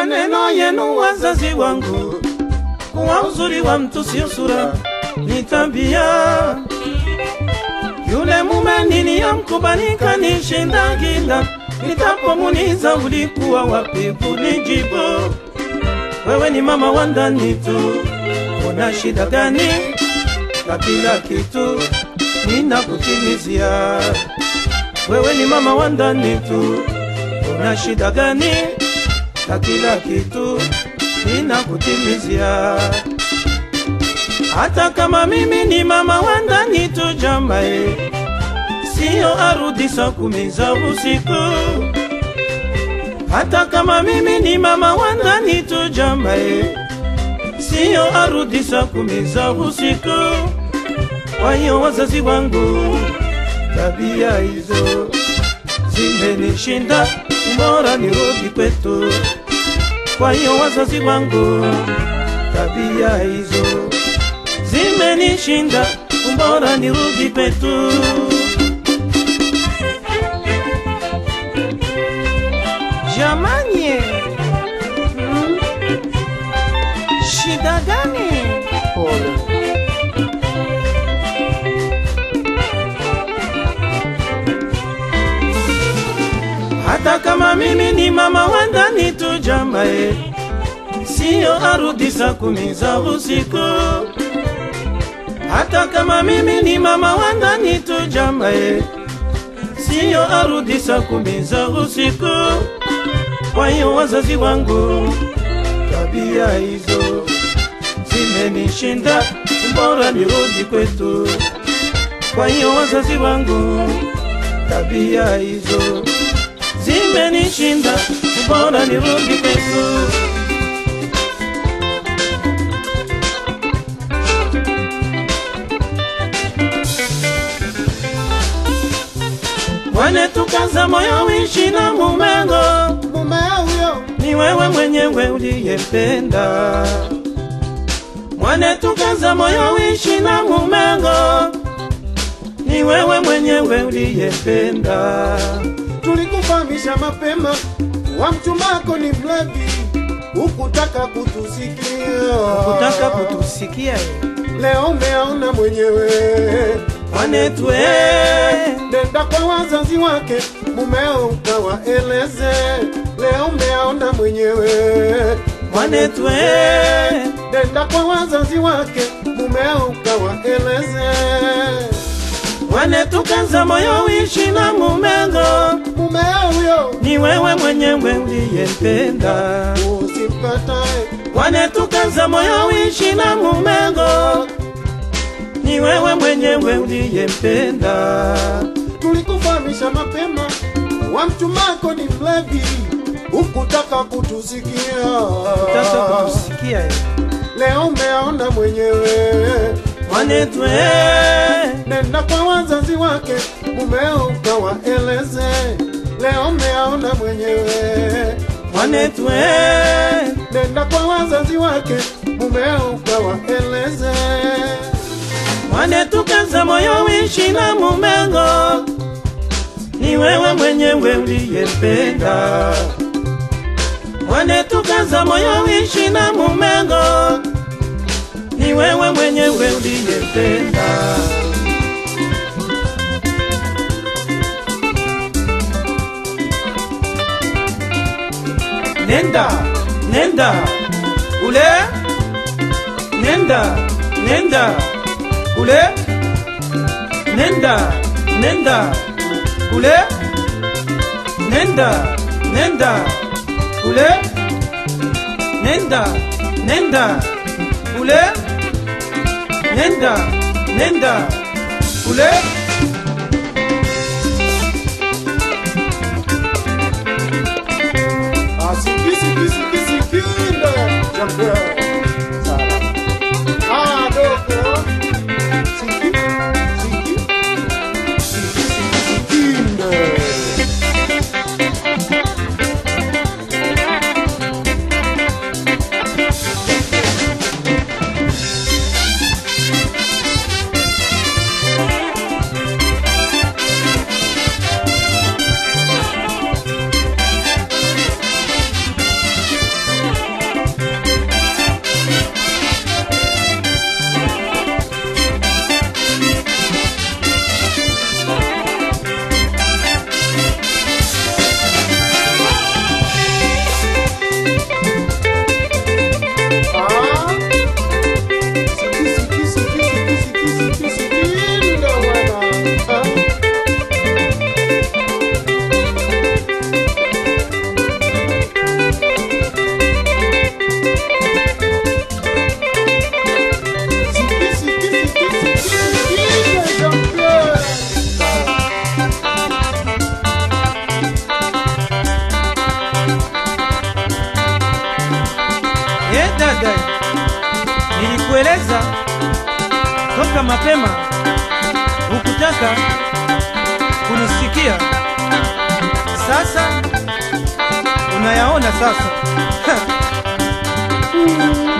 maneno yenu wazazi wangu, kuwa uzuri wa mtu sio sura, ni tabia. Yule mume niliyomkubalika ni shinda gila, nitapomuniza ulikuwa wapi kunijibu? Wewe ni mama wa ndani tu, una shida gani? Na kila kitu ninakutimizia. Wewe ni mama wa ndani tu, una shida gani? na kila kitu kutimizia hata kama mimi ni mama wanda nitu jambaye Sio arudi saa kumi za usiku. Hata kama mimi ni mama wanda nitu jambaye Sio arudi saa kumi za usiku. Kwa hiyo wazazi wangu, tabia hizo zimenishinda, ni nirudi kwetu. Kwa hiyo wazazi wangu, tabia hizo zimenishinda, mbora nirudi petu. Jamani, hmm? Shida gani? Hata kama mimi ni mama wa ndani tu njama ye siyo arudi saa usiku. Hata kama mimi ni mama wa tu, njama ye siyo arudi saa usiku. Kwa hiyo wazazi wangu, tabia hizo zimenishinda, bora nirudi kwetu. Kwa hiyo wazazi wangu, tabia hizo umenishinda, bora nirudi kwetu. Wane tukaza moyo wishi na mumengo, mumeo huyo ni wewe mwenyewe uliyependa. Mwane tukaza moyo wishi na mumengo, ni wewe mwenyewe uliyependa kurekebisha mapema, wa mchumako ni mlevi, hukutaka kutusikia, hukutaka kutusikia. Leo umeaona mwenyewe Anetwe, nenda kwa wazazi wake, mumeo ukawaeleze, leo umeaona mwenyewe Anetwe, nenda kwa wazazi wake, mumeo ukawaeleze wane wanetukanza moyo wishi na mumeo mumeo ni wewe mwenyewe ndiyempenda wane wanetukanza moyo wishi na mumeo ni wewe mwenyewe ndiyempenda tulikufahamisha mapema wa mchumako ni mlevi ukutaka kutusikia kutusikia leo umeona mwenyewe wanetwe nenda kwa wake mumeo eleze leo mmeaona mwenyewe. Mwanetu nenda kwa wazazi wake mumeo ukawaeleze. Mwanetu kaza moyo wishi na mumengo, ni wewe mwenyewe uliyependa. Mwanetu kaza moyo wishi na mumengo, ni wewe mwenyewe uliyependa. nenda nenda ule nenda nenda ule nenda nenda ule nenda nenda ule nenda nenda ule nenda nenda ule nenda, nenda. kuamka mapema hukutaka kunisikia, sasa unayaona sasa